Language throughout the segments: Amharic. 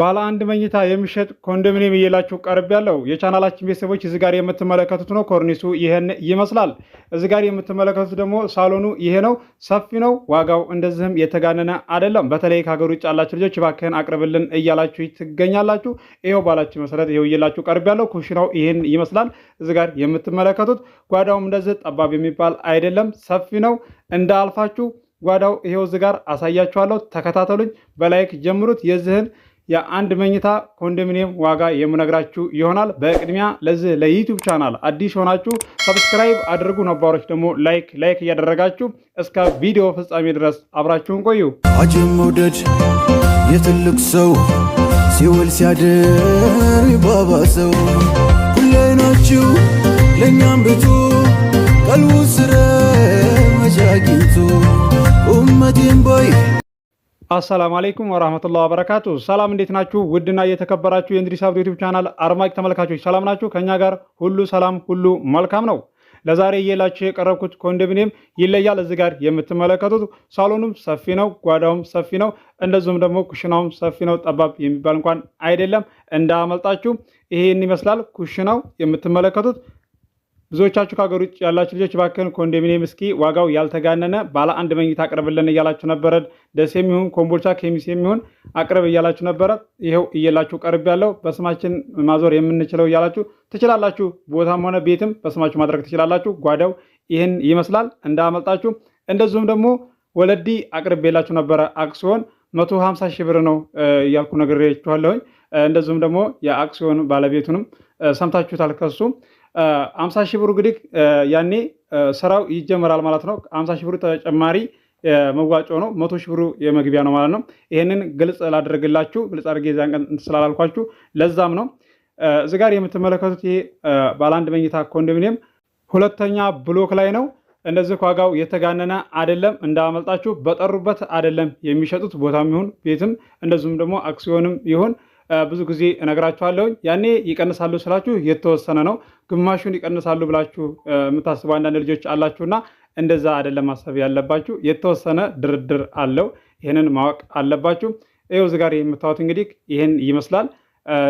ባለ አንድ መኝታ የሚሸጥ ኮንዶሚኒየም እየላችሁ ቀርብ ያለው የቻናላችን ቤተሰቦች እዚህ ጋር የምትመለከቱት ነው። ኮርኒሱ ይህን ይመስላል። እዚህ ጋር የምትመለከቱት ደግሞ ሳሎኑ ይሄ ነው። ሰፊ ነው። ዋጋው እንደዚህም የተጋነነ አይደለም። በተለይ ከሀገር ውጭ ያላችሁ ልጆች እባክህን አቅርብልን እያላችሁ ትገኛላችሁ። ይኸው ባላችሁ መሰረት ይኸው እየላችሁ ቀርብ ያለው ኩሽናው ይህን ይመስላል። እዚህ ጋር የምትመለከቱት ጓዳውም እንደዚህ ጠባብ የሚባል አይደለም። ሰፊ ነው። እንዳልፋችሁ ጓዳው ይሄው እዚህ ጋር አሳያችኋለሁ። ተከታተሉኝ። በላይክ ጀምሩት የዚህን የአንድ መኝታ ኮንዶሚኒየም ዋጋ የምነግራችሁ ይሆናል። በቅድሚያ ለዚህ ለዩቲዩብ ቻናል አዲስ ሆናችሁ ሰብስክራይብ አድርጉ፣ ነባሮች ደግሞ ላይክ ላይክ እያደረጋችሁ እስከ ቪዲዮ ፍጻሜ ድረስ አብራችሁን ቆዩ። አጅም መውደድ የትልቅ ሰው ሲውል ሲያድር ባባ ሰው ሁሌ ናችሁ ለእኛም ብቱ ቀልቡ ስረ መጃጊቱ ኡመቴን ቦይ አሰላሙ አለይኩም ወራህመቱላሂ ወበረካቱ። ሰላም እንዴት ናችሁ? ውድና የተከበራችሁ የእንድሪስ አብዱ ዩቲዩብ ቻናል አድማጭ ተመልካቾች ሰላም ናችሁ? ከኛ ጋር ሁሉ ሰላም፣ ሁሉ መልካም ነው። ለዛሬ እየላችሁ የቀረብኩት ኮንዶሚኒየም ይለያል። እዚህ ጋር የምትመለከቱት ሳሎኑም ሰፊ ነው፣ ጓዳውም ሰፊ ነው፣ እንደዚሁም ደግሞ ኩሽናውም ሰፊ ነው። ጠባብ የሚባል እንኳን አይደለም። እንዳመልጣችሁ ይሄን ይመስላል ኩሽናው የምትመለከቱት ብዙዎቻችሁ ከሀገር ውጭ ያላችሁ ልጆች ባክን ኮንዶሚኒየም እስኪ ዋጋው ያልተጋነነ ባለ አንድ መኝታ አቅርብልን እያላችሁ ነበረ። ደሴ የሚሆን ኮምቦልቻ፣ ኬሚስ የሚሆን አቅርብ እያላችሁ ነበረ። ይኸው እየላችሁ ቀርብ ያለው በስማችን ማዞር የምንችለው እያላችሁ ትችላላችሁ። ቦታም ሆነ ቤትም በስማችሁ ማድረግ ትችላላችሁ። ጓዳው ይህን ይመስላል እንዳመልጣችሁ። እንደዚሁም ደግሞ ወለዲ አቅርብ የላችሁ ነበረ። አክሲዮን መቶ ሀምሳ ሺህ ብር ነው እያልኩ ነግሬያችኋለሁኝ። እንደዚሁም ደግሞ የአክሲዮን ባለቤቱንም ሰምታችሁታል ከሱ አምሳ ሺህ ብሩ እንግዲህ ያኔ ስራው ይጀመራል ማለት ነው። አምሳ ሺህ ብሩ ተጨማሪ መዋጮ ነው። መቶ ሺህ ብሩ የመግቢያ ነው ማለት ነው። ይህንን ግልጽ ላደረግላችሁ ግልጽ አድርጌ ዛን ቀን ስላላልኳችሁ ለዛም ነው። እዚ ጋር የምትመለከቱት ይሄ ባለአንድ መኝታ ኮንዶሚኒየም ሁለተኛ ብሎክ ላይ ነው። እንደዚህ ዋጋው የተጋነነ አይደለም፣ እንዳመልጣችሁ በጠሩበት አይደለም የሚሸጡት ቦታም ይሁን ቤትም እንደዚሁም ደግሞ አክሲዮንም ይሁን ብዙ ጊዜ እነግራችኋለሁኝ። ያኔ ይቀንሳሉ ስላችሁ የተወሰነ ነው፣ ግማሹን ይቀንሳሉ ብላችሁ የምታስቡ አንዳንድ ልጆች አላችሁና እንደዛ አይደለም ማሰብ ያለባችሁ። የተወሰነ ድርድር አለው፣ ይህንን ማወቅ አለባችሁ። ይኸው እዚህ ጋር የምታዩት እንግዲህ ይህን ይመስላል።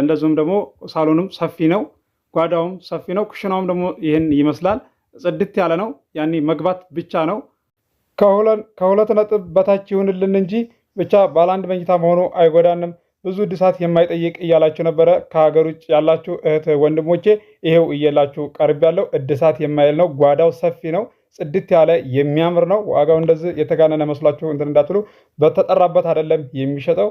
እንደዚሁም ደግሞ ሳሎኑም ሰፊ ነው፣ ጓዳውም ሰፊ ነው፣ ኩሽናውም ደግሞ ይህን ይመስላል። ጽድት ያለ ነው። ያኔ መግባት ብቻ ነው። ከሁለት ነጥብ በታች ይሁንልን እንጂ ብቻ ባለ አንድ መኝታ መሆኑ አይጎዳንም። ብዙ እድሳት የማይጠይቅ እያላችሁ ነበረ። ከሀገር ውጭ ያላችሁ እህት ወንድሞቼ ይሄው እየላችሁ ቀርብ ያለው እድሳት የማይል ነው። ጓዳው ሰፊ ነው፣ ጽድት ያለ የሚያምር ነው። ዋጋው እንደዚህ የተጋነነ መስሏችሁ እንትን እንዳትሉ። በተጠራበት አይደለም የሚሸጠው።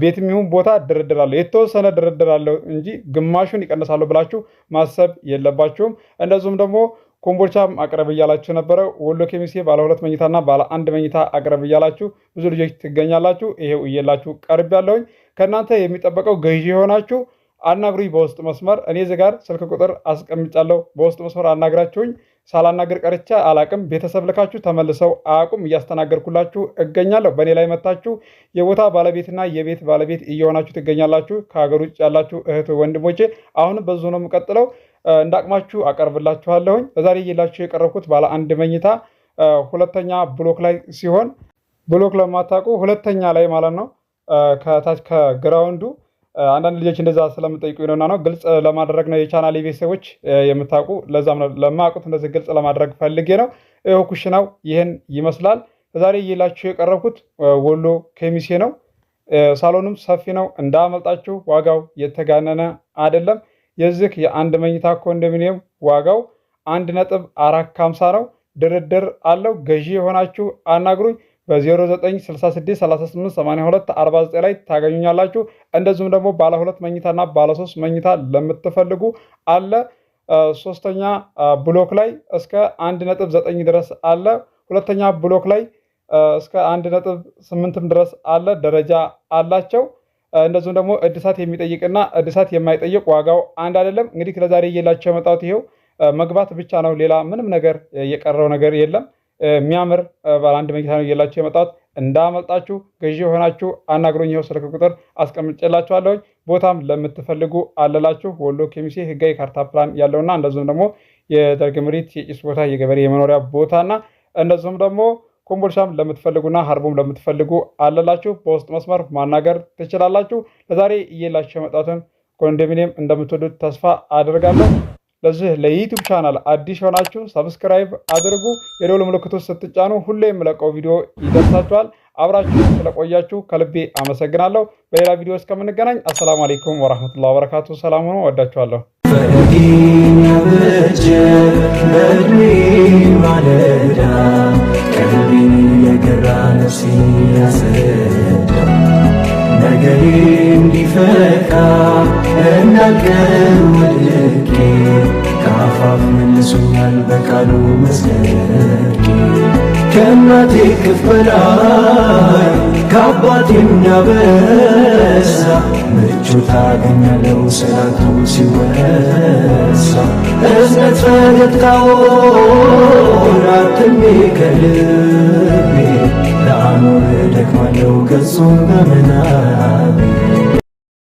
ቤትም ይሁን ቦታ ድርድር አለው፣ የተወሰነ ድርድር እንጂ ግማሹን ይቀንሳሉ ብላችሁ ማሰብ የለባችሁም። እንደዚሁም ደግሞ ኮምቦልቻ አቅርብ እያላችሁ ነበረ። ወሎ ኬሚሴ ባለ ሁለት መኝታና ባለ አንድ መኝታ አቅርብ እያላችሁ ብዙ ልጆች ትገኛላችሁ። ይሄው እየላችሁ ቀርብ ያለውኝ ከእናንተ የሚጠበቀው ገዢ የሆናችሁ አናግሩኝ በውስጥ መስመር። እኔ እዚህ ጋር ስልክ ቁጥር አስቀምጫለሁ። በውስጥ መስመር አናግራችሁኝ ሳላናግር ቀርቻ አላቅም። ቤተሰብ ልካችሁ ተመልሰው አቁም እያስተናገርኩላችሁ እገኛለሁ። በእኔ ላይ መታችሁ የቦታ ባለቤትና የቤት ባለቤት እየሆናችሁ ትገኛላችሁ። ከሀገር ውጭ ያላችሁ እህት ወንድሞቼ፣ አሁንም በዙ ነው የምቀጥለው። እንዳቅማችሁ አቀርብላችኋለሁኝ። በዛሬ እየላችሁ የቀረብኩት ባለ አንድ መኝታ ሁለተኛ ብሎክ ላይ ሲሆን ብሎክ ለማታውቁ ሁለተኛ ላይ ማለት ነው ከታች ከግራውንዱ አንዳንድ ልጆች እንደዛ ስለምጠይቁ ነውና ነው ግልጽ ለማድረግ ነው የቻናል ቤተሰቦች የምታውቁ ለዛም ለማያውቁት እንደዚህ ግልጽ ለማድረግ ፈልጌ ነው። ይኸው ኩሽናው ይህን ይመስላል። ዛሬ እየላችሁ የቀረብኩት ወሎ ኬሚሴ ነው። ሳሎኑም ሰፊ ነው እንዳመልጣችሁ። ዋጋው የተጋነነ አይደለም። የዚህ የአንድ መኝታ ኮንዶሚኒየም ዋጋው አንድ ነጥብ አራት ከሀምሳ ነው። ድርድር አለው። ገዢ የሆናችሁ አናግሩኝ። በ0966388249 ላይ ታገኙኛላችሁ። እንደዚሁም ደግሞ ባለ ሁለት መኝታና ባለ ሶስት መኝታ ለምትፈልጉ አለ። ሶስተኛ ብሎክ ላይ እስከ 1.9 ድረስ አለ። ሁለተኛ ብሎክ ላይ እስከ 1.8 ነጥብ ድረስ አለ። ደረጃ አላቸው። እንደዚሁም ደግሞ እድሳት የሚጠይቅና እድሳት የማይጠይቅ ዋጋው አንድ አይደለም። እንግዲህ ለዛሬ እየላቸው የመጣሁት ይሄው መግባት ብቻ ነው። ሌላ ምንም ነገር የቀረው ነገር የለም። የሚያምር ባለ አንድ መኝታ ነው እየላችሁ የመጣት እንዳመልጣችሁ ገዢ የሆናችሁ አናግሮኝ። ይኸው ስልክ ቁጥር አስቀምጬላችኋለሁ። ቦታም ለምትፈልጉ አለላችሁ ወሎ ኬሚሴ ህጋዊ ካርታ ፕላን ያለውና እንደዚሁም ደግሞ የደርግ ምሪት የጭስ ቦታ የገበሬ የመኖሪያ ቦታና እንደዚሁም ደግሞ ኮምቦልሻም ለምትፈልጉና ሀርቦም ለምትፈልጉ አለላችሁ። በውስጥ መስመር ማናገር ትችላላችሁ። ለዛሬ እየላችሁ የመጣትን ኮንዶሚኒየም እንደምትወዱት ተስፋ አደርጋለሁ። ለዚህ ለዩቲዩብ ቻናል አዲስ የሆናችሁ ሰብስክራይብ አድርጉ። የደወል ምልክቶች ስትጫኑ ሁሌ የምለቀው ቪዲዮ ይደርሳችኋል። አብራችሁ ስለቆያችሁ ከልቤ አመሰግናለሁ። በሌላ ቪዲዮ እስከምንገናኝ አሰላሙ አሌይኩም ወራህመቱላ ወበረካቱ። ሰላም ሆኖ ወዳችኋለሁ። ነገሬ እንዲፈካ መልሶኛል በቃሉ መጽደቅ ከእናቴ እቅፍ በላይ ከአባቴ የሚያበረሳ ምቾት አገኛለሁ ሰላቱ ሲወሳ እዝነት ፈገግታውን አትሜ ከልቤ ለአኖር ደክማለሁ ገጹን በምናቤ